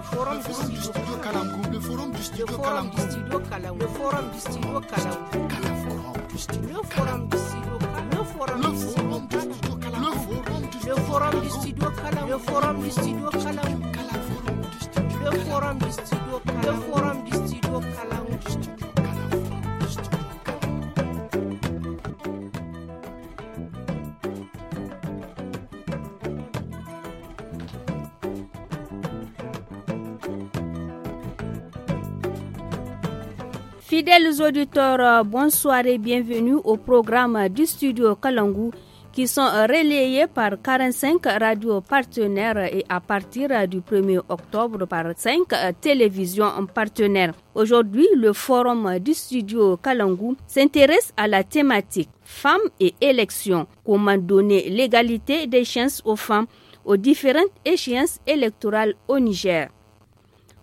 le forum du studio le forum du studio forum du forum forum forum forum forum forum forum Fidèles auditeurs, euh, bonsoir et bienvenue au programme du studio Kalangu qui sont euh, relayés par 45 radios partenaires et à partir euh, du 1er octobre par 5 télévisions partenaires. Aujourd'hui, le forum du studio Kalangu s'intéresse à la thématique Femmes et élections, comment donner l'égalité des chances aux femmes aux différentes échéances électorales au Niger.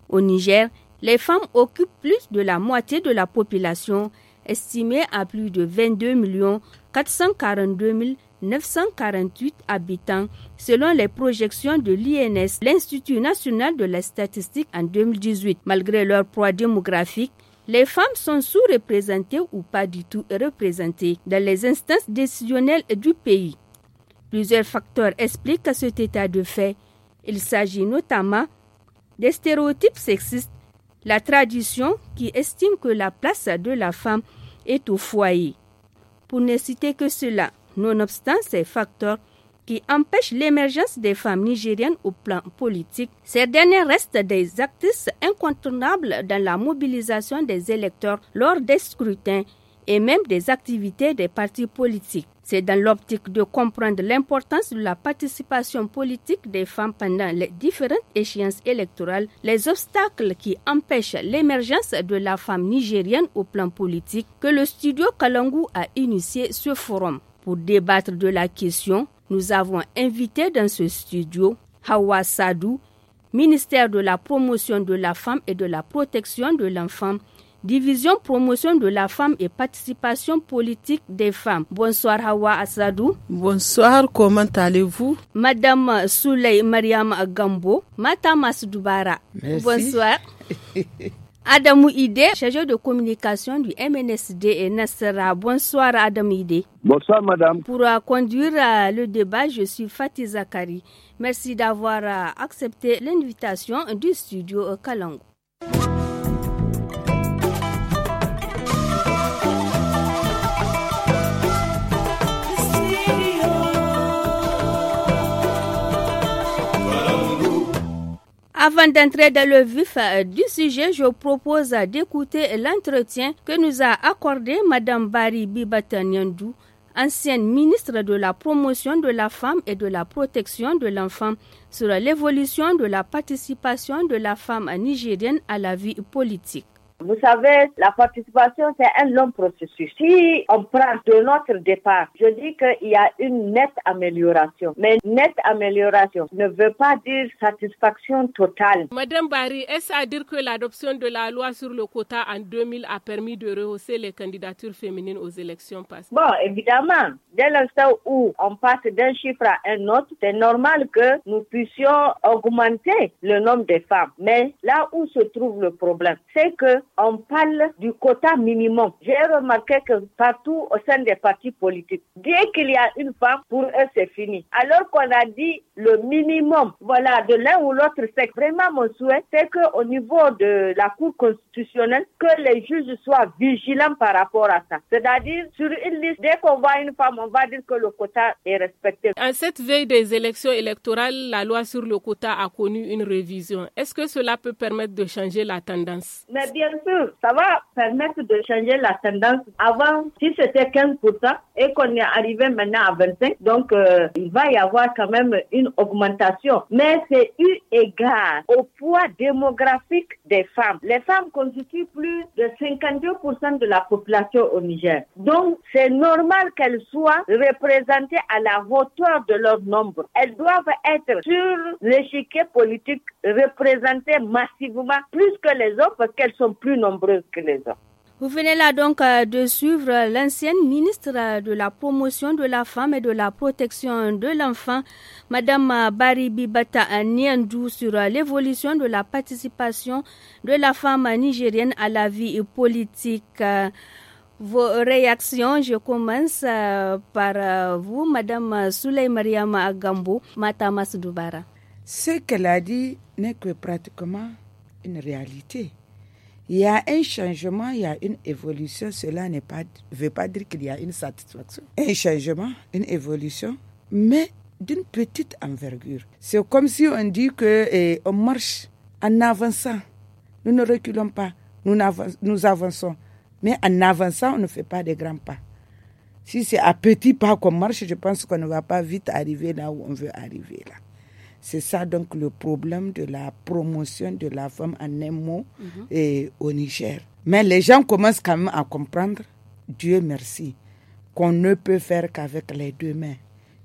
Au Niger, les femmes occupent plus de la moitié de la population, estimée à plus de 22 442 948 habitants, selon les projections de l'INS, l'Institut national de la statistique en 2018. Malgré leur poids démographique, les femmes sont sous-représentées ou pas du tout représentées dans les instances décisionnelles du pays. Plusieurs facteurs expliquent cet état de fait. Il s'agit notamment des stéréotypes sexistes la tradition qui estime que la place de la femme est au foyer. Pour ne citer que cela, nonobstant ces facteurs qui empêchent l'émergence des femmes nigériennes au plan politique, ces dernières restent des actrices incontournables dans la mobilisation des électeurs lors des scrutins et même des activités des partis politiques. C'est dans l'optique de comprendre l'importance de la participation politique des femmes pendant les différentes échéances électorales, les obstacles qui empêchent l'émergence de la femme nigérienne au plan politique que le studio Kalangu a initié ce forum. Pour débattre de la question, nous avons invité dans ce studio Hawa Sadou, ministère de la promotion de la femme et de la protection de l'enfant, division promotion de la femme et participation politique des femmes. Bonsoir Hawa Asadou Bonsoir, comment allez-vous Madame Souley Mariam Gambo, Madame Asdoubara. Bonsoir. Adam Ide, chargé de communication du MNSD et Nassera. Bonsoir Adam Ide. Bonsoir madame. Pour euh, conduire euh, le débat, je suis Fatih Zakari. Merci d'avoir euh, accepté l'invitation du studio Kalango. Avant d'entrer dans le vif euh, du sujet, je propose d'écouter l'entretien que nous a accordé Madame Bari Bibatanyandou, ancienne ministre de la promotion de la femme et de la protection de l'enfant, sur l'évolution de la participation de la femme nigérienne à la vie politique. Vous savez, la participation, c'est un long processus. Si on prend de notre départ, je dis qu'il y a une nette amélioration. Mais nette amélioration ne veut pas dire satisfaction totale. Madame Barry, est-ce à dire que l'adoption de la loi sur le quota en 2000 a permis de rehausser les candidatures féminines aux élections passées? Bon, évidemment, dès l'instant où on passe d'un chiffre à un autre, c'est normal que nous puissions augmenter le nombre de femmes. Mais là où se trouve le problème, c'est que on parle du quota minimum. J'ai remarqué que partout au sein des partis politiques, dès qu'il y a une femme, pour eux, c'est fini. Alors qu'on a dit le minimum, voilà, de l'un ou l'autre c'est Vraiment, mon souhait, c'est qu'au niveau de la Cour constitutionnelle, que les juges soient vigilants par rapport à ça. C'est-à-dire, sur une liste, dès qu'on voit une femme, on va dire que le quota est respecté. À cette veille des élections électorales, la loi sur le quota a connu une révision. Est-ce que cela peut permettre de changer la tendance? Mais bien sûr, ça va permettre de changer la tendance. Avant, si c'était 15% et qu'on est arrivé maintenant à 25%, donc euh, il va y avoir quand même une augmentation. Mais c'est eu égard au poids démographique des femmes. Les femmes constituent plus de 52% de la population au Niger. Donc, c'est normal qu'elles soient représentées à la hauteur de leur nombre. Elles doivent être sur l'échiquier politique représentées massivement plus que les autres parce qu'elles sont plus nombreuses que les hommes. Vous venez là donc euh, de suivre l'ancienne ministre euh, de la promotion de la femme et de la protection de l'enfant, Madame euh, Baribi Bata Niandou, sur l'évolution de la participation de la femme nigérienne à la vie politique. Vos réactions, je commence par vous, Madame Souley Mariama Agambo, Matamas Dubara. Ce qu'elle a dit n'est que pratiquement une réalité il y a un changement, il y a une évolution. Cela ne pas, veut pas dire qu'il y a une satisfaction. Un changement, une évolution, mais d'une petite envergure. C'est comme si on dit que eh, on marche en avançant. Nous ne reculons pas, nous, avançons, nous avançons. Mais en avançant, on ne fait pas de grands pas. Si c'est à petits pas qu'on marche, je pense qu'on ne va pas vite arriver là où on veut arriver là. C'est ça donc le problème de la promotion de la femme en Nemo mhm. et au Niger. Mais les gens commencent quand même à comprendre, Dieu merci, qu'on ne peut faire qu'avec les deux mains.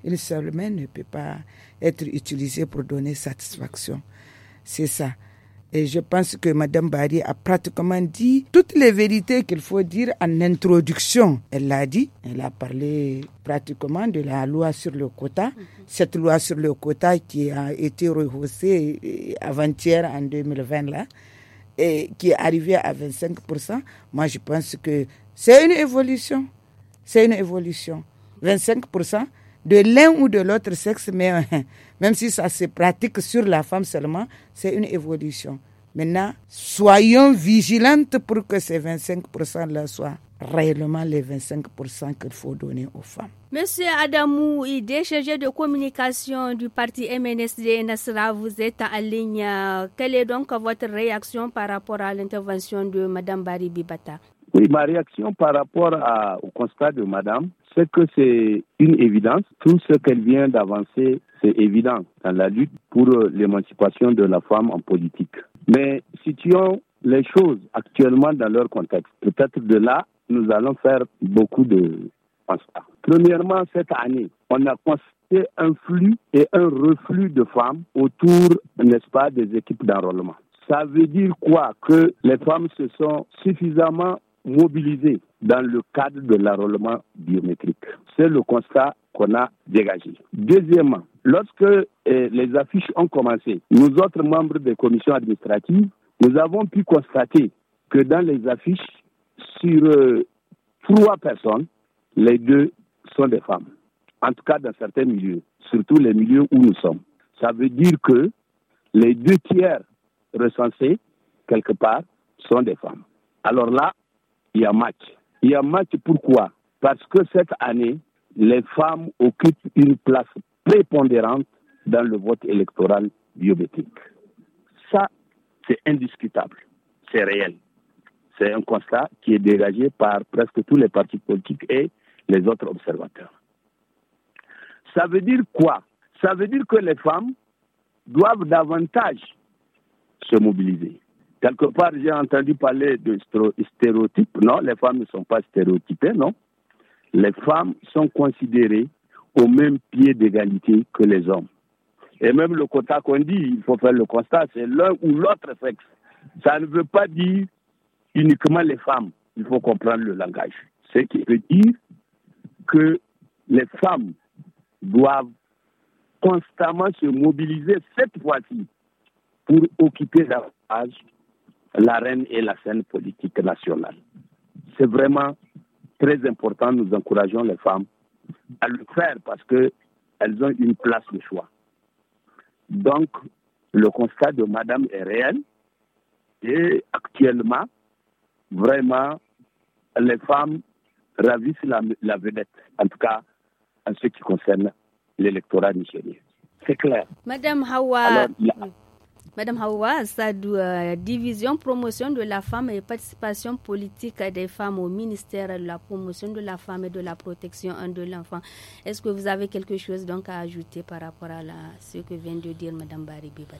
Une seule main ne peut pas être utilisée pour donner satisfaction. C'est ça. Et je pense que Mme Barry a pratiquement dit toutes les vérités qu'il faut dire en introduction. Elle l'a dit. Elle a parlé pratiquement de la loi sur le quota. Cette loi sur le quota qui a été rehaussée avant-hier en 2020 là, et qui est arrivée à 25%. Moi, je pense que c'est une évolution. C'est une évolution. 25%, de l'un ou de l'autre sexe, mais même si ça se pratique sur la femme seulement, c'est une évolution. Maintenant, soyons vigilantes pour que ces 25%-là soient réellement les 25% qu'il faut donner aux femmes. Monsieur Adamou est chargé de communication du parti MNSD Nasra, vous êtes en ligne. Quelle est donc votre réaction par rapport à l'intervention de Mme Bari oui, ma réaction par rapport au constat de Madame, c'est que c'est une évidence. Tout ce qu'elle vient d'avancer, c'est évident dans la lutte pour euh, l'émancipation de la femme en politique. Mais situons les choses actuellement dans leur contexte. Peut-être de là, nous allons faire beaucoup de constats. Premièrement, cette année, on a constaté un flux et un reflux de femmes autour, n'est-ce pas, des équipes d'enrôlement. Ça veut dire quoi Que les femmes se sont suffisamment mobilisés dans le cadre de l'enrôlement biométrique. C'est le constat qu'on a dégagé. Deuxièmement, lorsque euh, les affiches ont commencé, nous autres membres des commissions administratives, nous avons pu constater que dans les affiches, sur euh, trois personnes, les deux sont des femmes. En tout cas, dans certains milieux, surtout les milieux où nous sommes. Ça veut dire que les deux tiers recensés, quelque part, sont des femmes. Alors là, il y a match. Il y a match pourquoi Parce que cette année, les femmes occupent une place prépondérante dans le vote électoral biométrique. Ça, c'est indiscutable, c'est réel. C'est un constat qui est dégagé par presque tous les partis politiques et les autres observateurs. Ça veut dire quoi Ça veut dire que les femmes doivent davantage se mobiliser. Quelque part, j'ai entendu parler de stéréotypes. Non, les femmes ne sont pas stéréotypées, non. Les femmes sont considérées au même pied d'égalité que les hommes. Et même le quota qu'on dit, il faut faire le constat, c'est l'un ou l'autre sexe. Ça ne veut pas dire uniquement les femmes. Il faut comprendre le langage. Ce qui veut dire que les femmes doivent constamment se mobiliser cette fois-ci pour occuper davantage l'arène et la scène politique nationale. C'est vraiment très important. Nous encourageons les femmes à le faire parce qu'elles ont une place de choix. Donc, le constat de Madame est réel et actuellement, vraiment, les femmes ravissent la, vedette, en tout cas en ce qui concerne l'électorat nigérien. C'est clair. Madame Hawa. Madame Hawa Sadou, euh, division promotion de la femme et participation politique des femmes au ministère de la promotion de la femme et de la protection de l'enfant. Est-ce que vous avez quelque chose donc à ajouter par rapport à la, ce que vient de dire Madame Bari Bibata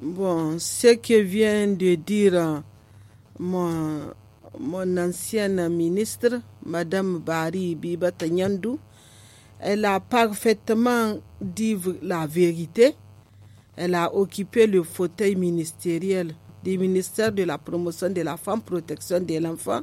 Bon, ce que vient de dire euh, mon, mon ancienne ministre, Madame Bari Bibata Nyandou, elle a parfaitement dit la vérité elle a occupé le fauteuil ministériel du ministère de la promotion de la femme, protection de l'enfant.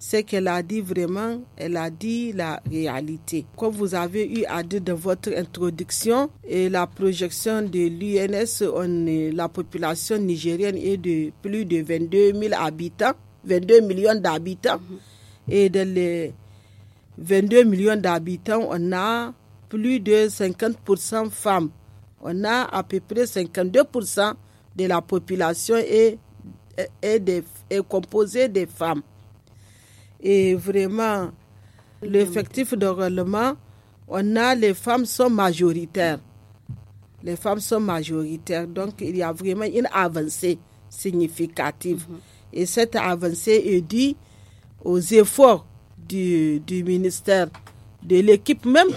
C'est qu'elle a dit vraiment, elle a dit la réalité. Comme vous avez eu à dire dans votre introduction, et la projection de l'UNS, la population nigérienne est de plus de 22 000 habitants, 22 millions d'habitants. Mhm. Et de les 22 millions d'habitants, on a plus de 50% femmes on a à peu près 52% de la population est, est, composée de femmes. Et vraiment, l'effectif de règlement, on a les femmes sont majoritaires. Les femmes sont majoritaires, donc il y a vraiment une avancée significative. Et cette avancée est due aux efforts du ministère de l'équipe même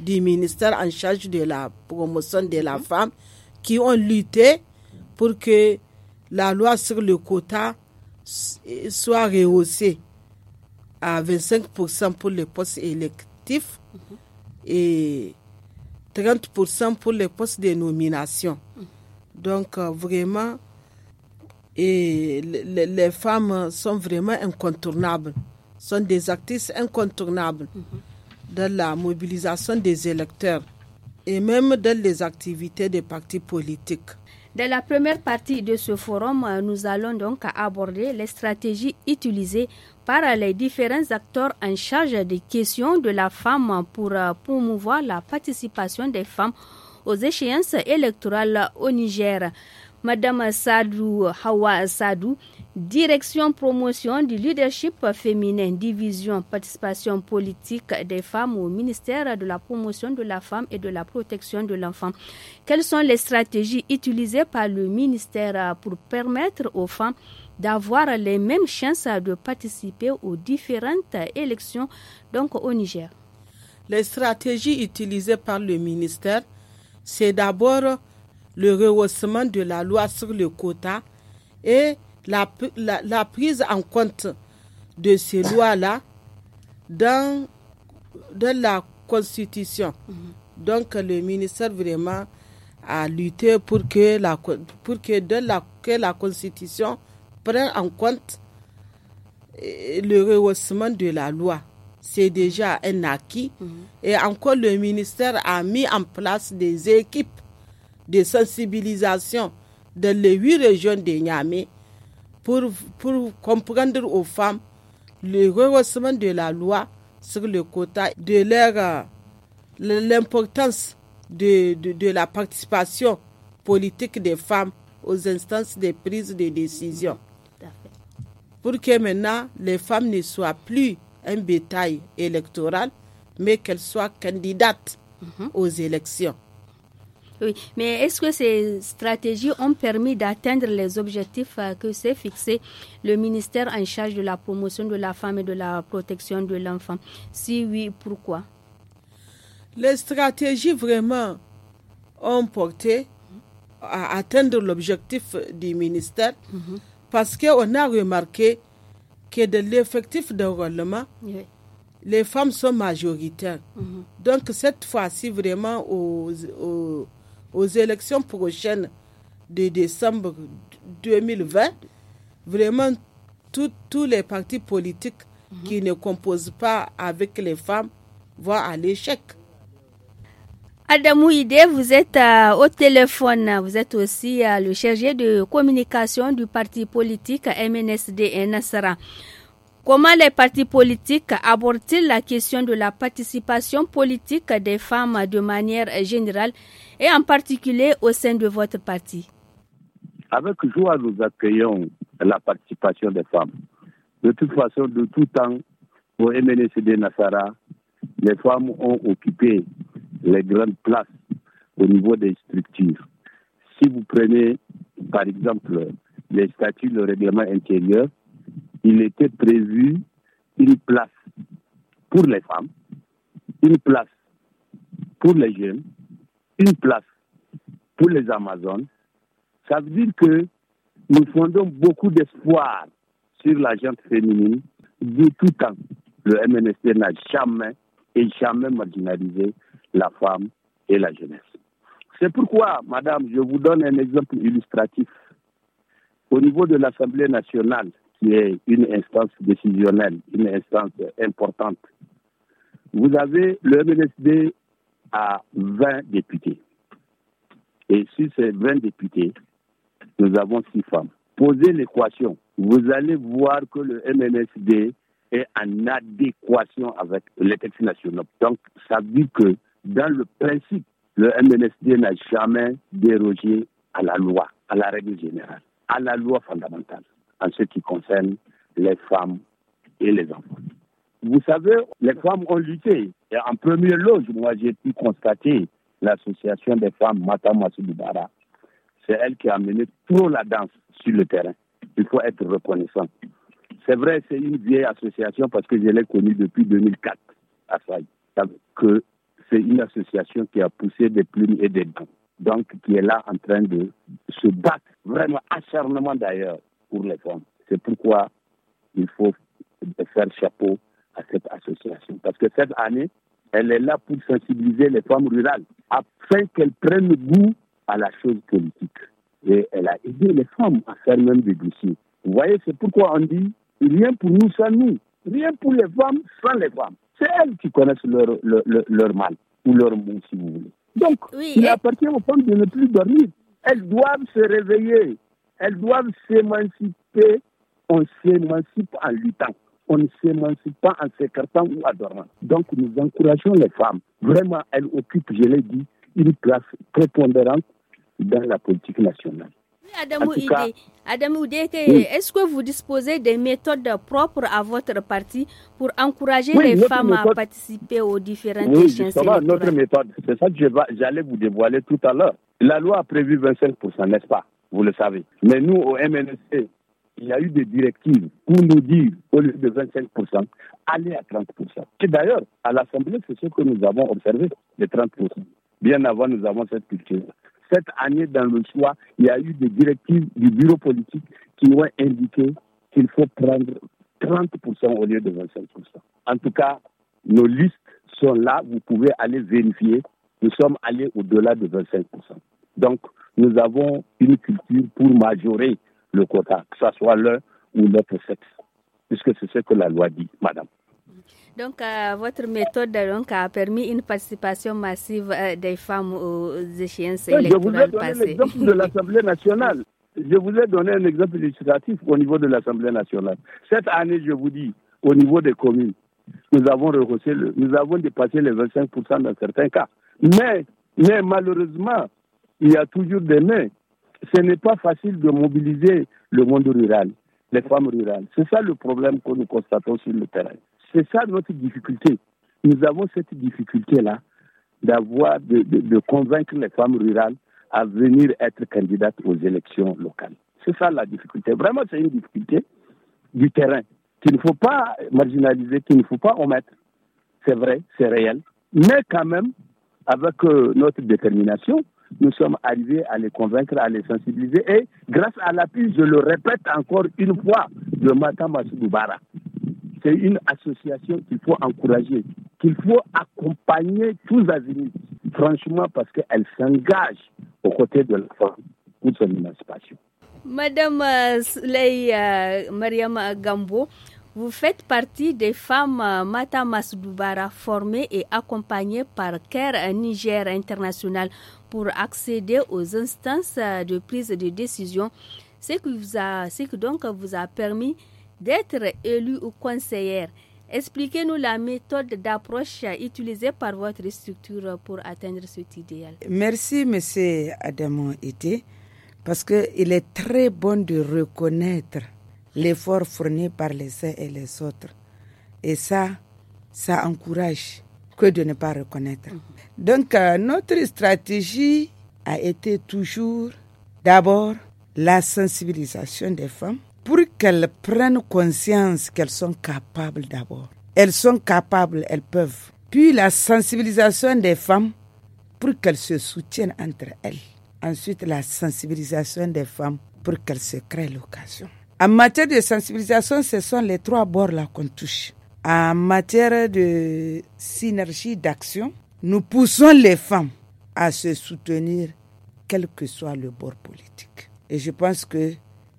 du ministère en charge de la promotion de la femme qui ont lutté pour que la loi sur le quota soit rehaussée à 25% pour les postes électifs et 30% pour les postes de nomination. Donc euh, vraiment, les femmes sont vraiment incontournables, sont des actrices incontournables. Mhm dans la mobilisation des électeurs et même dans les activités des partis politiques. Dans la première partie de ce forum, nous allons donc aborder les stratégies utilisées par les différents acteurs en charge des questions de la femme pour promouvoir la participation des femmes aux échéances électorales au Niger. Madame Sadou Hawa Sadou, Direction promotion du leadership féminin, division participation politique des femmes au ministère de la promotion de la femme et de la protection de l'enfant. Quelles sont les stratégies utilisées par le ministère pour permettre aux femmes d'avoir les mêmes chances de participer aux différentes élections donc au Niger Les stratégies utilisées par le ministère, c'est d'abord le rehaussement de la loi sur le quota et la, prise en compte de ces lois-là dans, dans la Constitution. Mm-hmm. Donc le ministère vraiment a lutté pour que la, pour que de la, que la Constitution prenne en compte euh, le rehaussement de la loi. C'est déjà un acquis. Mm-hmm. Et encore, le ministère a mis en place des équipes de sensibilisation dans les huit régions de Niamey pour, comprendre aux femmes le rehaussement de la loi sur le quota, de euh, l'importance de, la participation politique des femmes aux instances de prise de décision. Pour que maintenant les femmes ne soient plus un bétail électoral, mais qu'elles soient candidates mhm. aux élections. Oui, mais est-ce que ces stratégies ont permis d'atteindre les objectifs euh, que s'est fixé le ministère en charge de la promotion de la femme et de la protection de l'enfant Si oui, pourquoi Les stratégies vraiment ont porté à atteindre l'objectif du ministère mhm. parce qu'on a remarqué que de l'effectif d'enrôlement, les femmes sont majoritaires. Mhm. Donc cette fois-ci, vraiment, au aux élections prochaines de décembre 2020, vraiment tous les partis politiques mhm. qui ne composent pas avec les femmes vont à l'échec. Adam vous êtes euh, au téléphone, vous êtes aussi euh, le chargé de communication du parti politique MNSD Nassara. Comment les partis politiques abordent-ils la question de la participation politique des femmes de manière générale et en particulier au sein de votre parti Avec joie, nous accueillons la participation des femmes. De toute façon, de tout temps, au MNCD Nassara, les femmes ont occupé les grandes places au niveau des structures. Si vous prenez, par exemple, les statuts, de règlement intérieur, il était prévu une place pour les femmes, une place pour les jeunes, une place pour les Amazones, ça veut dire que nous fondons beaucoup d'espoir sur la féminine. De tout temps, le MNSD n'a jamais et jamais marginalisé la femme et la jeunesse. C'est pourquoi, madame, je vous donne un exemple illustratif. Au niveau de l'Assemblée nationale, qui est une instance décisionnelle, une instance importante, vous avez le MNSD à 20 députés. Et sur ces 20 députés, nous avons six femmes. Posez l'équation. Vous allez voir que le MNSD est en adéquation avec les textes nationaux. Donc, ça dit que dans le principe, le MNSD n'a jamais dérogé à la loi, à la règle générale, à la loi fondamentale en ce qui concerne les femmes et les enfants. Vous savez, les femmes ont lutté. Et en première loge, moi, j'ai pu constater l'association des femmes Matamassou Dibara. C'est elle qui a mené trop la danse sur le terrain. Il faut être reconnaissant. C'est vrai, c'est une vieille association parce que je l'ai connue depuis 2004 à Saïd. Que c'est une association qui a poussé des plumes et des dents. Donc, qui est là en train de se battre vraiment acharnement d'ailleurs pour les femmes. C'est pourquoi il faut faire chapeau à cette association. Parce que cette année, elle est là pour sensibiliser les femmes rurales afin qu'elles prennent goût à la chose politique. Et elle a aidé les femmes à faire même des dossiers. Vous voyez, c'est pourquoi on dit rien pour nous sans nous, rien pour les femmes sans les femmes. C'est elles qui connaissent leur, leur, mal ou leur bon, si vous voulez. Donc, il appartient aux femmes de ne plus dormir. Elles doivent se réveiller, elles doivent s'émanciper. On s'émancipe en luttant on ne s'émancipe pas en s'écartant ou en Donc nous encourageons les femmes. Vraiment, elles occupent, je l'ai dit, une place prépondérante dans la politique nationale. Adamou Oudé, oui. est-ce que vous disposez des méthodes propres à votre parti pour encourager les femmes à participer aux différentes oui, notre méthode, c'est ça que j'allais vous dévoiler tout à l'heure. La loi a prévu 25%, n'est-ce pas Vous le savez. Mais nous, au MNC, il y a eu des directives pour nous dire, au lieu de 25%, aller à 30%. Et d'ailleurs, à l'Assemblée, c'est ce que nous avons observé, les 30%. Bien avant, nous avons cette culture. Cette année, dans le choix, il y a eu des directives du bureau politique qui ont indiqué qu'il faut prendre 30% au lieu de 25%. En tout cas, nos listes sont là, vous pouvez aller vérifier. Nous sommes allés au-delà de 25%. Donc, nous avons une culture pour majorer le quota, que ce soit l'un ou l'autre sexe, puisque c'est ce que la loi dit, madame. Donc, euh, votre méthode donc, a permis une participation massive euh, des femmes aux échéances électorales passées. Je vous ai donné l'exemple de l'Assemblée nationale. Je vous ai donné un exemple législatif au niveau de l'Assemblée nationale. Cette année, je vous dis, au niveau des communes, nous avons rehaussé le, nous avons dépassé les 25% dans certains cas. Mais, mais malheureusement, il y a toujours des mains ce n'est pas facile de mobiliser le monde rural, les femmes rurales. C'est ça le problème que nous constatons sur le terrain. C'est ça notre difficulté. Nous avons cette difficulté-là d'avoir, de, convaincre les femmes rurales à venir être candidates aux élections locales. C'est ça la difficulté. Vraiment, c'est une difficulté du terrain qu'il ne faut pas marginaliser, qu'il ne faut pas omettre. C'est vrai, c'est réel. Mais quand même, avec euh, notre détermination, nous sommes arrivés à les convaincre, à les sensibiliser. Et grâce à l'appui, je le répète encore une fois, de Matama Bara. C'est une association qu'il faut encourager, qu'il faut accompagner tous azimuts, franchement, parce qu'elle s'engage aux côtés de la femme pour son émancipation. Madame Maria euh, euh, Mariam Gambo, vous faites partie des femmes euh, Mata Masdoubara formées et accompagnées par CARE Niger International pour accéder aux instances euh, de prise de décision, ce qui, vous a, donc vous a permis d'être élue ou conseillère. Expliquez-nous la méthode d'approche utilisée par votre structure pour atteindre cet idéal. Merci, M. Adamon Été, parce qu'il est très bon de reconnaître l'effort fourni par les uns et les autres. Et ça, ça encourage que de ne pas reconnaître. Mhm. Donc, euh, notre stratégie a été toujours d'abord la sensibilisation des femmes pour qu'elles prennent conscience qu'elles sont capables d'abord. Elles sont capables, elles peuvent. Puis la sensibilisation des femmes pour qu'elles se soutiennent entre elles. Ensuite, la sensibilisation des femmes pour qu'elles se créent l'occasion. En matière de sensibilisation, ce sont les trois bords là qu'on touche. En matière de synergie d'action, nous poussons les femmes à se soutenir, quel que soit le bord politique. Et je pense que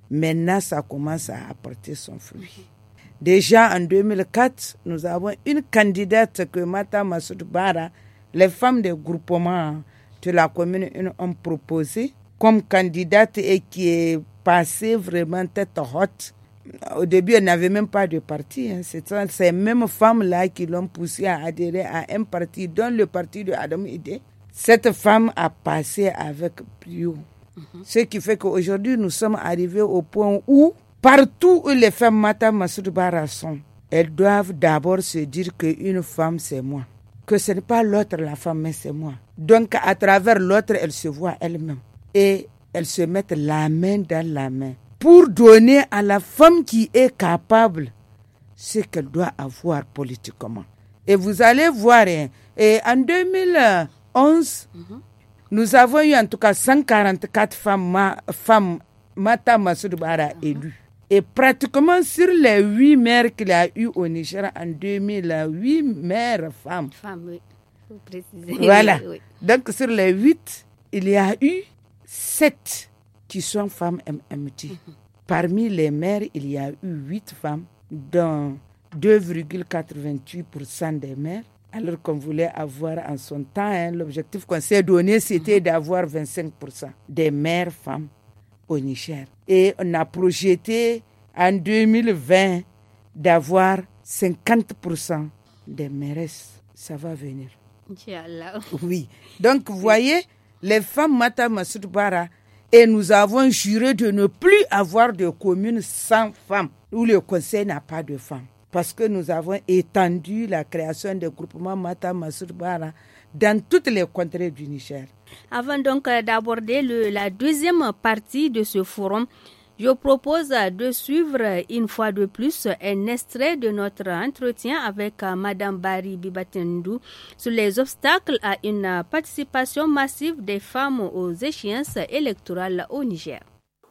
maintenant, ça commence à apporter son fruit. Déjà en 2004, nous avons une candidate que Mata Massoud Bara, les femmes des groupements de la commune, ont proposé comme candidate et qui est passer vraiment tête haute. Au début, elle n'avait même pas de parti. Hein. C'est ces mêmes femmes-là qui l'ont poussé à adhérer à un parti, dont le parti de Adam Idé. Cette femme a passé avec plus mhm. Ce qui fait qu'aujourd'hui, nous sommes arrivés au point où, partout où les femmes Mata Barasson, sont, elles doivent d'abord se dire qu'une femme, c'est moi. Que ce n'est pas l'autre la femme, mais c'est moi. Donc, à travers l'autre, elle se voit elle-même. Et elles se mettent la main dans la main pour donner à la femme qui est capable ce qu'elle doit avoir politiquement. Et vous allez voir, hein, et en 2011, mhm. nous avons eu en tout cas 144 femmes, femmes Mata mhm. élues. Et pratiquement sur les 8 mères qu'il a eu au Niger en 2008, mères femmes. Femmes, oui. Voilà. Donc sur les 8, il y a eu 7 qui sont femmes MMT. Mhm. Parmi les mères, il y a eu 8 femmes, dont 2,88% des mères, alors qu'on voulait avoir en son temps, hein, l'objectif qu'on s'est donné, c'était mhm. d'avoir 25% des mères femmes au Niger. Et on a projeté en 2020 d'avoir 50% des mères. Ça va venir. Oui. Donc, vous voyez, les femmes Mata Massoud Bara, et nous avons juré de ne plus avoir de communes sans femmes, où le conseil n'a pas de femmes. Parce que nous avons étendu la création des groupements Mata Massoud Bara dans toutes les contrées du Niger. Avant donc euh, d'aborder la deuxième partie de ce forum, je propose de suivre une fois de plus un extrait de notre entretien avec euh, Madame Barry Bibatendou sur les obstacles à une participation massive des femmes aux échéances électorales au Niger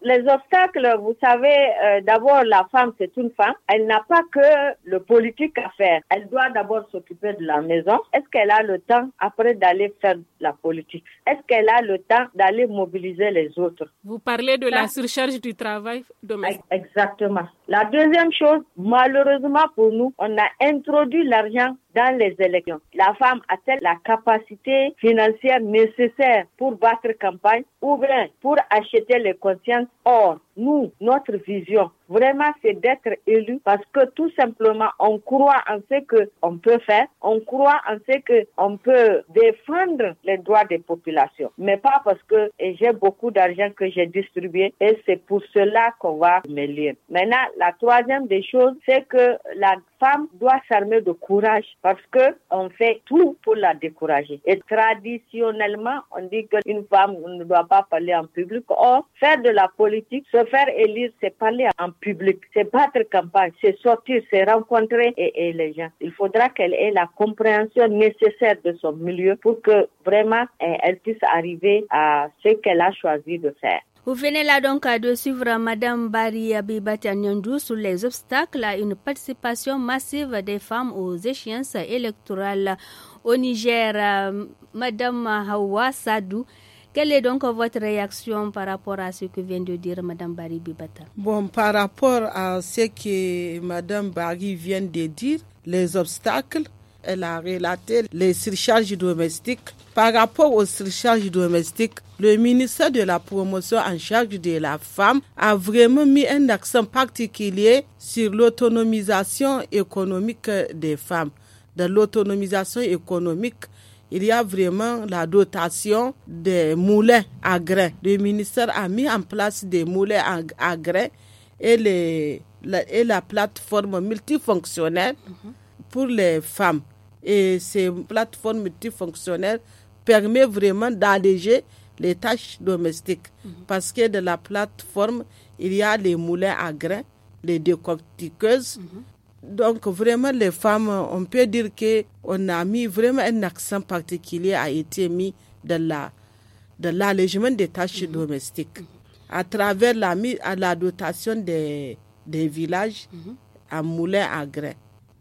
les obstacles, vous savez, euh, d'abord, la femme, c'est une femme. Elle n'a pas que le politique à faire. Elle doit d'abord s'occuper de la maison. Est-ce qu'elle a le temps après d'aller faire la politique Est-ce qu'elle a le temps d'aller mobiliser les autres Vous parlez de la surcharge du travail domestique. Exactement. La deuxième chose, malheureusement pour nous, on a introduit l'argent dans les élections. La femme a-t-elle la capacité financière nécessaire pour battre campagne ou bien pour acheter les consciences Or, nous, notre vision, vraiment, c'est d'être élu parce que tout simplement, on croit en ce qu'on peut faire, on croit en ce qu'on peut défendre les droits des populations, mais pas parce que j'ai beaucoup d'argent que j'ai distribué et c'est pour cela qu'on va me lire. Maintenant, la troisième des choses, c'est que la femme doit s'armer de courage parce que on fait tout pour la décourager. Et traditionnellement, on dit qu'une femme ne doit pas parler en public. Or, faire de la politique, se faire élire, c'est parler en public, c'est battre campagne, c'est sortir, c'est rencontrer les gens. Il faudra qu'elle ait la compréhension nécessaire de son milieu pour que vraiment eh, elle puisse arriver à ce qu'elle a choisi de faire. Vous venez là donc de suivre Madame Bari Abibatanyandou sur les obstacles à une participation massive des femmes aux échéances électorales au Niger. Euh, Madame Hawa Sadou, quelle est donc votre réaction par rapport à ce que vient de dire Mme Barry Bibata Bon, par rapport à ce que Mme Barry vient de dire, les obstacles, elle a relaté les surcharges domestiques. Par rapport aux surcharges domestiques, le ministère de la Promotion en charge de la femme a vraiment mis un accent particulier sur l'autonomisation économique des femmes. Dans l'autonomisation économique, il y a vraiment la dotation des moulins à grains. Le ministère a mis en place des moulins à, grains et, la, plateforme multifonctionnelle pour les femmes. Et ces plateformes multifonctionnelles permettent vraiment d'alléger les tâches domestiques parce que de la plateforme, il y a les moulins à grains, les décortiqueuses, donc vraiment les femmes, on peut dire que on a mis vraiment un accent particulier a été mis dans la de l'allègement des tâches mhm. domestiques à travers la mise à la dotation des, villages mhm. à moulins à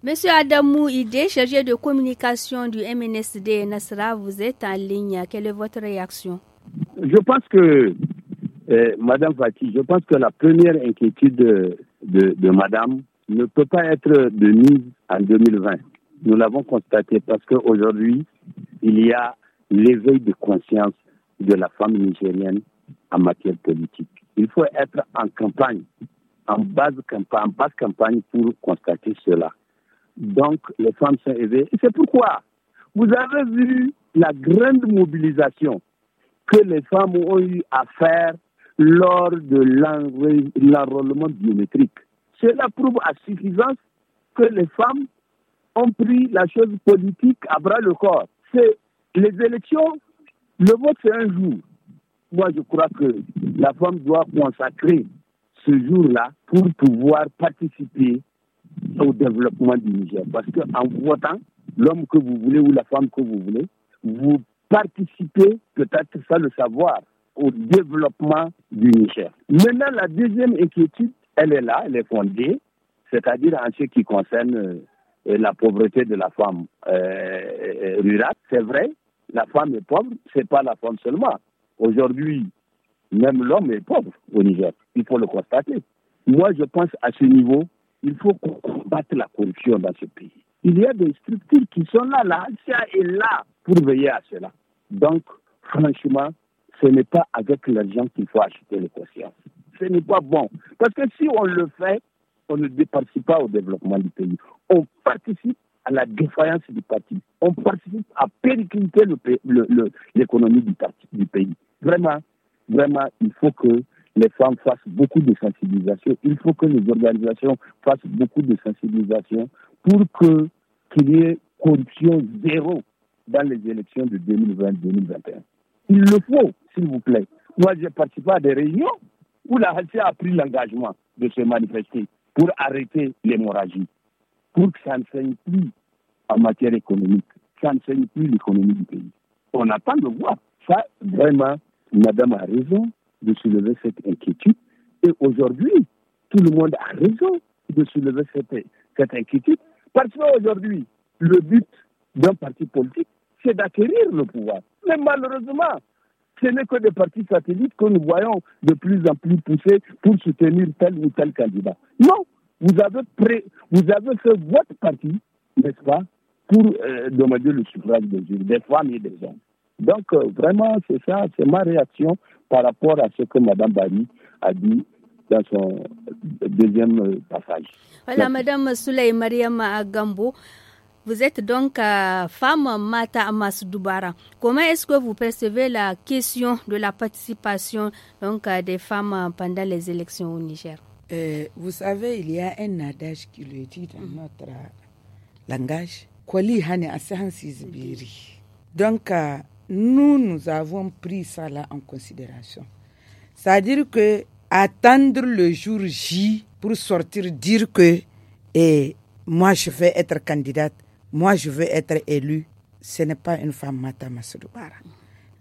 Monsieur Adamou Idé, chargé de communication du MNSD Nasra, vous êtes en ligne. Quelle est votre réaction Je pense que, eh, Madame Fatih, je pense que la première inquiétude de, de Madame, ne peut pas être de mise en 2020. Nous l'avons constaté parce qu'aujourd'hui, il y a l'éveil de conscience de la femme nigérienne en matière politique. Il faut être en campagne, en basse campagne, en campagne pour constater cela. Donc, les femmes sont éveillées. c'est pourquoi vous avez vu la grande mobilisation que les femmes ont eu à faire lors de l'enrôlement biométrique. Cela prouve à suffisance que les femmes ont pris la chose politique à bras le corps. C'est les élections, le vote c'est un jour. Moi je crois que la femme doit consacrer ce jour-là pour pouvoir participer au développement du Niger. Parce qu'en votant, l'homme que vous voulez ou la femme que vous voulez, vous participez, peut-être sans le savoir, au développement du Niger. Maintenant, la deuxième inquiétude, elle est là, elle est fondée, c'est-à-dire en ce qui concerne euh, la pauvreté de la femme euh, euh, rurale. C'est vrai, la femme est pauvre, c'est pas la femme seulement. Aujourd'hui, même l'homme est pauvre au Niger, il faut le constater. Moi, je pense à ce niveau, il faut combattre la corruption dans ce pays. Il y a des structures qui sont là, la est là pour veiller à cela. Donc, franchement, ce n'est pas avec l'argent qu'il faut acheter les consciences. Ce n'est pas bon. Parce que si on le fait, on ne participe pas au développement du pays. On participe à la défaillance du parti. On participe à péricliter l'économie du, pays. Vraiment, vraiment, il faut que les femmes fassent beaucoup de sensibilisation. Il faut que les organisations fassent beaucoup de sensibilisation pour que qu'il y ait corruption zéro dans les élections de 2020-2021. Il le faut, s'il vous plaît. Moi, j'ai participé à des réunions où la a pris l'engagement de se manifester pour arrêter l'hémorragie, pour que ça ne saigne plus en matière économique, ça ne saigne plus l'économie du pays. On attend de voir. Ça, vraiment, Madame a raison de soulever cette inquiétude. Et aujourd'hui, tout le monde a raison de soulever cette, cette inquiétude. Parce qu'aujourd'hui, le but d'un parti politique, c'est d'acquérir le pouvoir. Mais malheureusement, ce n'est que des partis satellites que nous voyons de plus en plus poussés pour soutenir tel ou tel candidat. Non, vous avez, fait votre parti, n'est-ce pas, pour euh, demander le suffrage des, des femmes et des hommes. Donc, euh, vraiment, c'est ça, c'est ma réaction par rapport à ce que Mme Barry a dit dans son deuxième euh, passage. Voilà, Mme Souley Mariam Agambo. Vous êtes donc euh, femme Mata Amas Comment est-ce que vous percevez la question de la participation donc, euh, des femmes euh, pendant les élections au Niger Vous savez, il y a un adage qui le dit dans mhm. notre langage. Donc, nous, nous avons pris ça là en considération. C'est-à-dire que attendre le jour J pour sortir dire que et eh, moi je vais être candidate, moi, je veux être élue. Ce n'est pas une femme Mata Massoudoubara.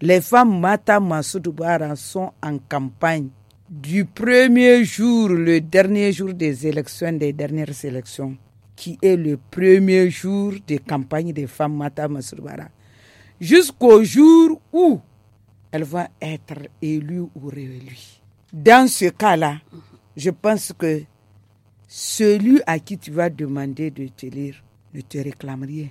Les femmes Mata Massoudoubara sont en campagne du premier jour, le dernier jour des élections, des dernières élections, qui est le premier jour des campagnes des femmes Mata Massoudoubara. jusqu'au jour où elles vont être élues ou réélues. Dans ce cas-là, je pense que celui à qui tu vas demander de te lire ne te réclame rien.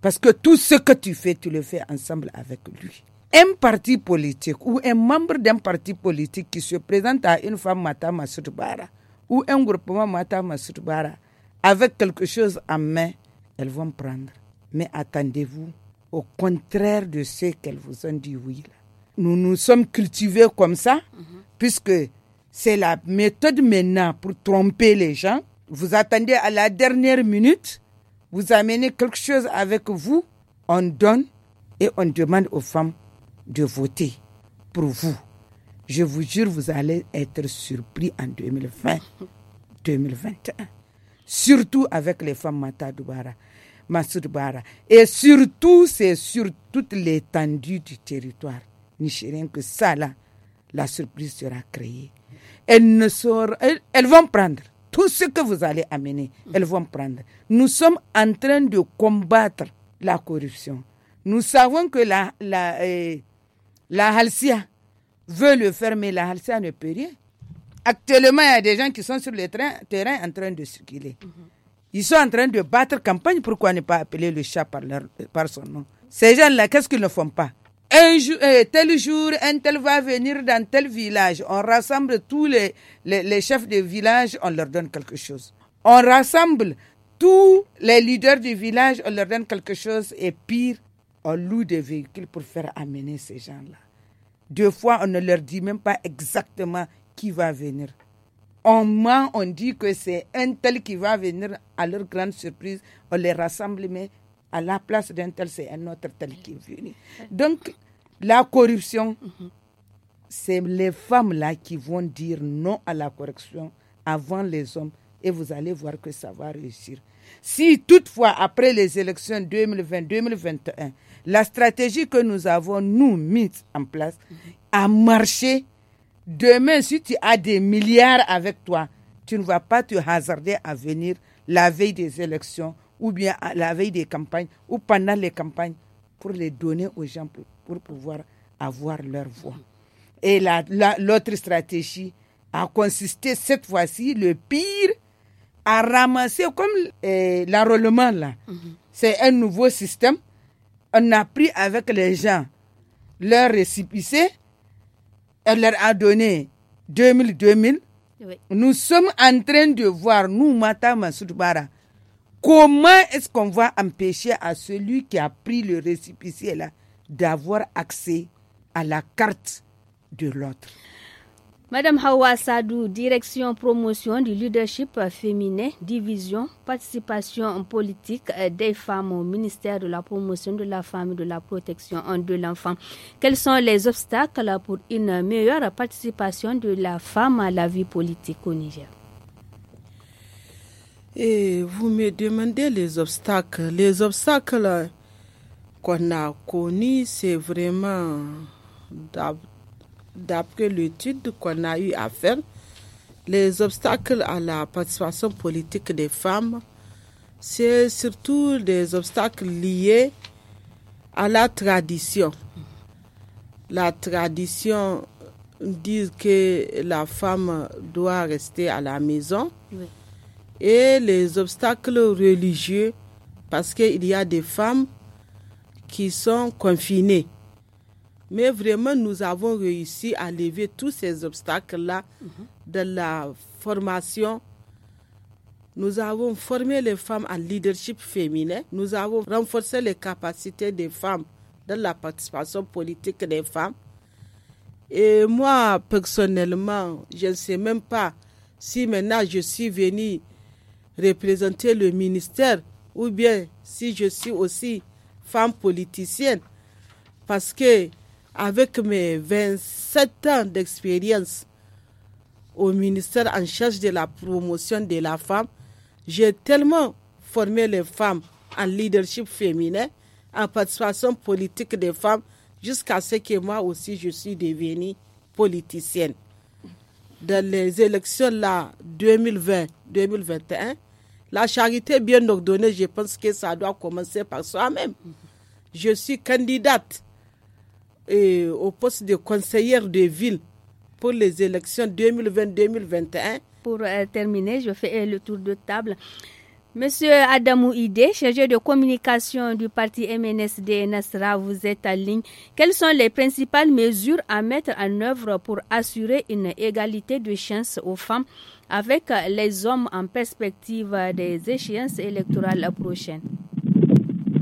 Parce que tout ce que tu fais, tu le fais ensemble avec lui. Un parti politique ou un membre d'un parti politique qui se présente à une femme Mata Masudbara ou un groupement Mata Masudbara avec quelque chose en main, elles vont prendre. Mais attendez-vous, au contraire de ce qu'elles vous ont dit oui. Nous nous sommes cultivés comme ça, mhm. puisque c'est la méthode maintenant pour tromper les gens. Vous attendez à la dernière minute vous amenez quelque chose avec vous, on donne et on demande aux femmes de voter pour vous. Je vous jure, vous allez être surpris en 2020, 2021. Surtout avec les femmes Mata Dubara, Et surtout, c'est sur toute l'étendue du territoire rien que ça, là, la surprise sera créée. Elles, ne elles vont prendre tout ce que vous allez amener, elles vont prendre. Nous sommes en train de combattre la corruption. Nous savons que la, la, euh, la Halcia veut le fermer. la Halcia ne peut rien. Actuellement, il y a des gens qui sont sur le terrain en train de circuler. Ils sont en train de battre campagne. Pourquoi ne pas appeler le chat par, leur, par son nom Ces gens-là, qu'est-ce qu'ils ne font pas un euh, tel jour, un tel va venir dans tel village. On rassemble tous les, les, chefs de village, on leur donne quelque chose. On rassemble tous les leaders du village, on leur donne quelque chose. Et pire, on loue des véhicules pour faire amener ces gens-là. Deux fois, on ne leur dit même pas exactement qui va venir. On ment, on dit que c'est un tel qui va venir. À leur grande surprise, on les rassemble, mais à la place d'un tel, c'est un autre tel qui est venu. Donc, la corruption, c'est les femmes-là qui vont dire non à la corruption avant les hommes. Et vous allez voir que ça va réussir. Si toutefois, après les élections 2020-2021, la stratégie que nous avons, nous, mise en place, a marché, demain, si tu as des milliards avec toi, tu ne vas pas te hasarder à venir la veille des élections ou bien à la veille des campagnes ou pendant les campagnes pour les donner aux gens pour, pouvoir avoir leur voix. Et l'autre la, stratégie a consisté cette fois-ci, le pire, à ramasser comme eh, l'enrôlement là. Mhm. C'est un nouveau système. On a pris avec les gens leur récipicé. Elle leur a donné 2000, 2000. Nous sommes en train de voir, nous, Matam Massoud Comment est-ce qu'on va empêcher à celui qui a pris le récipient d'avoir accès à la carte de l'autre Madame Hawa Sadou, direction promotion du leadership féminin, division participation politique des femmes au ministère de la promotion de la femme et de la protection de l'enfant. Quels sont les obstacles pour une meilleure participation de la femme à la vie politique au Niger et vous me demandez les obstacles. Les obstacles qu'on a connus, c'est vraiment d'après l'étude qu'on a eu à faire. Les obstacles à la participation politique des femmes, c'est surtout des obstacles liés à la tradition. La tradition dit que la femme doit rester à la maison. Oui et les obstacles religieux parce qu'il y a des femmes qui sont confinées. Mais vraiment, nous avons réussi à lever tous ces obstacles-là de la formation. Nous avons formé les femmes en leadership féminin. Nous avons renforcé les capacités des femmes dans la participation politique des femmes. Et moi, personnellement, je ne sais même pas si maintenant je suis venue représenter le ministère ou bien si je suis aussi femme politicienne. Parce que avec mes 27 ans d'expérience au ministère en charge de la promotion de la femme, j'ai tellement formé les femmes en leadership féminin, en participation politique des femmes, jusqu'à ce que moi aussi je suis devenue politicienne. Dans les élections là 2020-2021, la charité bien ordonnée, je pense que ça doit commencer par soi-même. Je suis candidate euh, au poste de conseillère de ville pour les élections 2020-2021. Pour euh, terminer, je fais euh, le tour de table. Monsieur Adamou Ide, chargé de communication du parti MNSD Nasra, vous êtes en ligne. Quelles sont les principales mesures à mettre en œuvre pour assurer une égalité de chance aux femmes avec les hommes en perspective des échéances électorales prochaines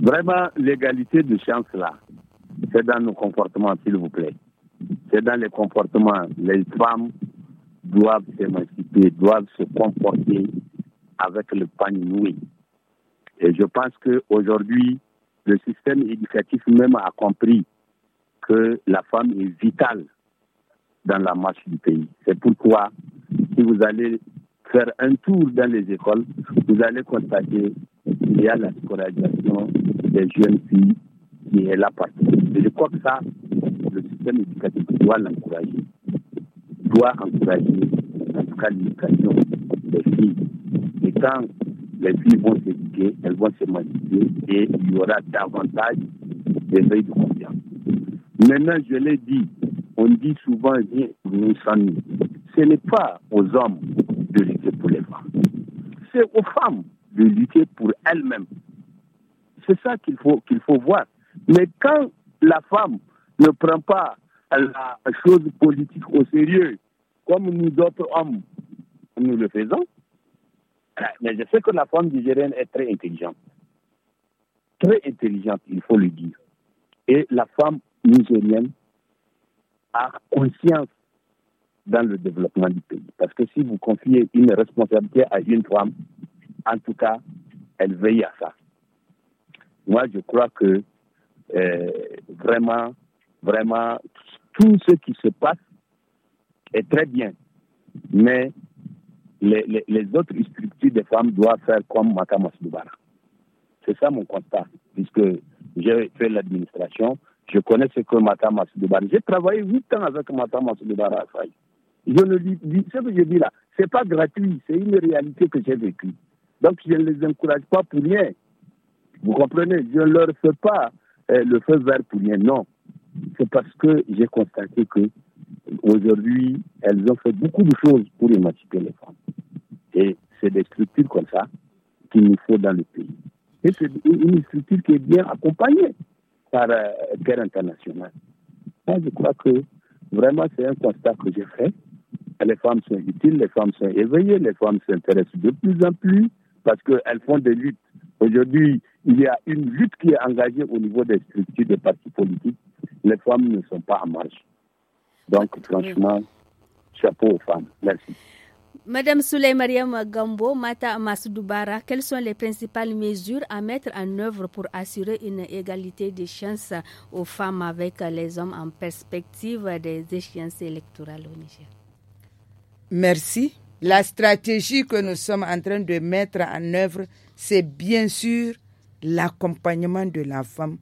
Vraiment, l'égalité de chance, là, c'est dans nos comportements, s'il vous plaît. C'est dans les comportements. Les femmes doivent s'émanciper, doivent se comporter avec le noué Et je pense qu'aujourd'hui, le système éducatif même a compris que la femme est vitale dans la marche du pays. C'est pourquoi, si vous allez faire un tour dans les écoles, vous allez constater qu'il y a la scolarisation des jeunes filles qui est là partout. Et je crois que ça, le système éducatif doit l'encourager. Doit encourager, en tout cas, l'éducation des filles quand les filles vont s'éduquer, elles vont se manifester et il y aura davantage de confiance. Maintenant, je l'ai dit, on dit souvent, viens nous Ce n'est pas aux hommes de lutter pour les femmes. C'est aux femmes de lutter pour elles-mêmes. C'est ça qu'il faut, qu'il faut voir. Mais quand la femme ne prend pas la chose politique au sérieux, comme nous autres hommes, nous le faisons, euh, mais je sais que la femme nigérienne est très intelligente. Très intelligente, il faut le dire. Et la femme nigérienne a conscience dans le développement du pays. Parce que si vous confiez une responsabilité à une femme, en tout cas, elle veille à ça. Moi, je crois que euh, vraiment, vraiment, tout ce qui se passe est très bien. Mais les, autres structures des femmes doivent faire comme Makamas C'est ça mon constat, puisque j'ai fait l'administration, je connais ce que Makamas J'ai travaillé huit ans avec Makamas à Faye. Je ne dis, ce que je dis là, Ce n'est pas gratuit, c'est une réalité que j'ai vécue. Donc je ne les encourage pas pour rien. Vous comprenez, je ne leur fais pas euh, le feu vert pour rien, non. C'est parce que j'ai constaté que aujourd'hui, elles ont fait beaucoup de choses pour émanciper les femmes. Et c'est des structures comme ça qu'il nous faut dans le pays. Et c'est une structure qui est bien accompagnée par guerre euh, internationale. Moi, je crois que vraiment, c'est un constat que j'ai fait. Les femmes sont utiles, les femmes sont éveillées, les femmes s'intéressent de plus en plus parce qu'elles font des luttes. Aujourd'hui, il y a une lutte qui est engagée au niveau des structures des partis politiques. Les femmes ne sont pas en marge. Donc, franchement, chapeau aux femmes. Merci. Madame Souley Mariam Gambo, Mata Masudoubara, quelles sont les principales mesures à mettre en œuvre pour assurer une égalité des chances aux femmes avec les hommes en perspective des échéances électorales au Niger Merci. La stratégie que nous sommes en train de mettre en œuvre, c'est bien sûr l'accompagnement de la femme,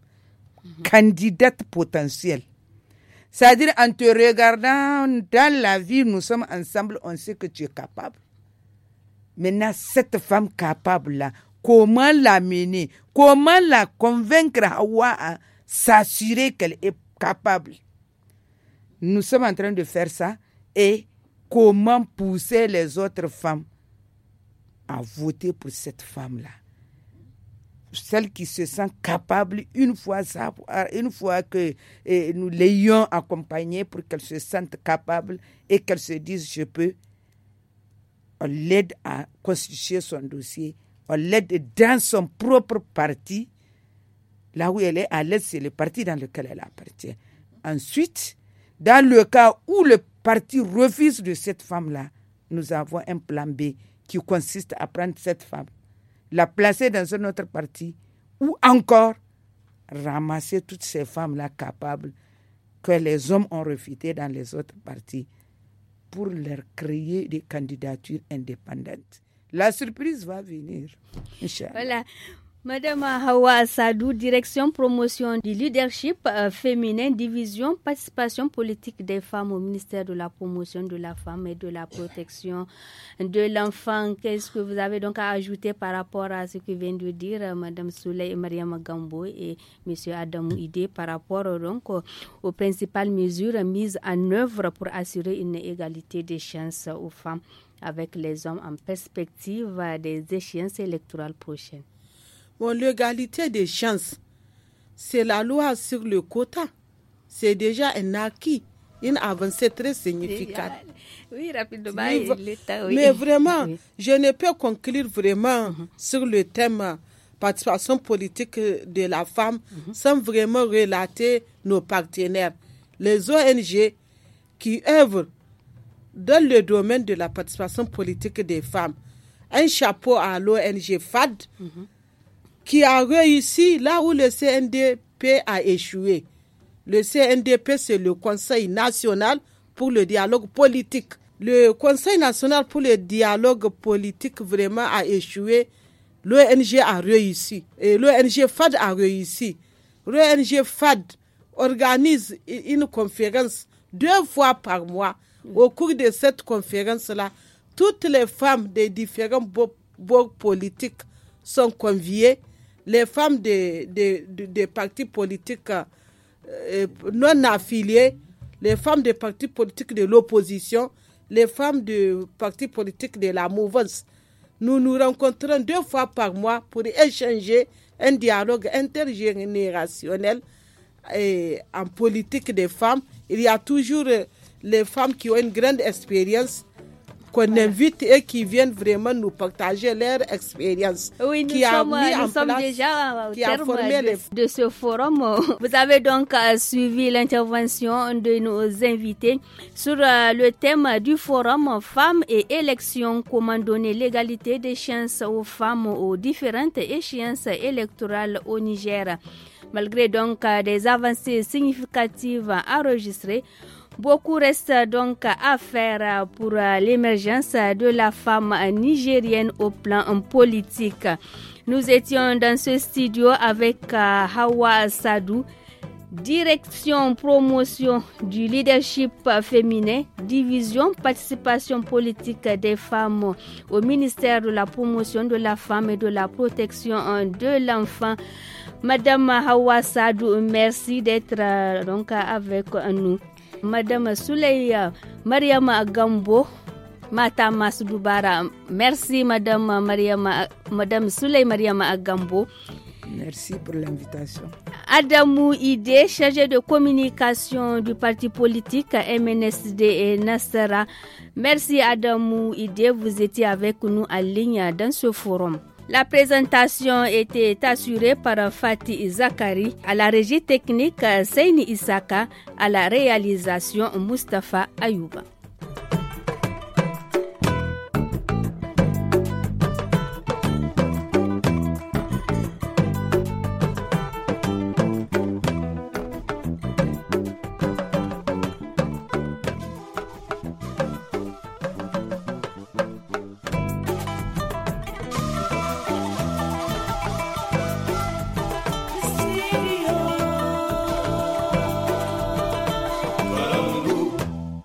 mhm. candidate potentielle c'est-à-dire en te regardant dans la vie, nous sommes ensemble, on sait que tu es capable. Maintenant, cette femme capable-là, comment l'amener Comment la convaincre à s'assurer qu'elle est capable Nous sommes en train de faire ça et comment pousser les autres femmes à voter pour cette femme-là celle qui se sent capable, une fois, ça une fois que eh, nous l'ayons accompagnée, pour qu'elle se sente capable et qu'elle se dise je peux, on l'aide à constituer son dossier, on l'aide dans son propre parti. Là où elle est à l'aide, c'est le parti dans lequel elle appartient. Ensuite, dans le cas où le parti refuse de cette femme-là, nous avons un plan B qui consiste à prendre cette femme la placer dans un autre parti, ou encore ramasser toutes ces femmes-là capables que les hommes ont refusées dans les autres partis pour leur créer des candidatures indépendantes. La surprise va venir. Michel. Voilà. Madame Hawa Sadou, direction promotion du leadership euh, féminin, division participation politique des femmes au ministère de la promotion de la femme et de la protection de l'enfant. Qu'est-ce que vous avez donc à ajouter par rapport à ce que vient de dire euh, Madame Souley et Mariam Gambo et Monsieur Adam Idé par rapport euh, donc aux principales mesures mises en œuvre pour assurer une égalité des chances aux femmes avec les hommes en perspective des échéances électorales prochaines? l'égalité des chances, c'est la loi sur le quota. C'est déjà un acquis, une avancée très significative. Oui, rapidement, Mais vraiment, je ne peux conclure vraiment mhm. sur le thème euh, participation politique euh, de la femme mhm. sans vraiment relater nos partenaires, les ONG qui œuvrent dans le domaine de la participation politique des femmes. Un chapeau à l'ONG FAD. Mhm qui a réussi là où le CNDP a échoué. Le CNDP, c'est le Conseil national pour le dialogue politique. Le Conseil national pour le dialogue politique vraiment a échoué. L'ONG a réussi. Et l'ONG FAD a réussi. L'ONG FAD organise une conférence deux fois par mois. Au cours de cette conférence-là, toutes les femmes des différents bords politiques sont conviées les femmes des, partis politiques euh, euh, non affiliés, les femmes des partis politiques de l'opposition, les femmes des partis politiques de la mouvance. Nous nous rencontrons deux fois par mois pour échanger un dialogue intergénérationnel euh, en politique des femmes. Il y a toujours les femmes qui ont une grande expérience qu'on invite et qui viennent vraiment nous partager leur expérience. Oui, nous qui sommes, a en déjà au terme de, de, ce forum. Vous avez donc euh, suivi l'intervention de nos invités sur euh, le thème du forum Femmes et élections, comment donner l'égalité des chances aux femmes aux différentes échéances électorales au Niger. Malgré donc euh, des avancées significatives enregistrées, Beaucoup reste donc à faire pour l'émergence de la femme nigérienne au plan politique. Nous étions dans ce studio avec euh, Hawa Sadou, direction promotion du leadership féminin, division participation politique des femmes au ministère de la promotion de la femme et de la protection euh, de l'enfant. Madame Hawa Sadou, merci d'être euh, donc avec nous. Madame Suley Mariama Gambo, mata Masudubara, Merci Madame Mariama, Madame Agambo. Mariama Gambo. Merci pour l'invitation. Adamou Ide, chargé de communication du parti politique MNSD et Nassara. Merci Adamou Ide, vous étiez avec nous en ligne dans ce forum. La présentation était assurée par Fatih Zakari, à la régie technique Seini Isaka, à la réalisation Mustafa Ayuba.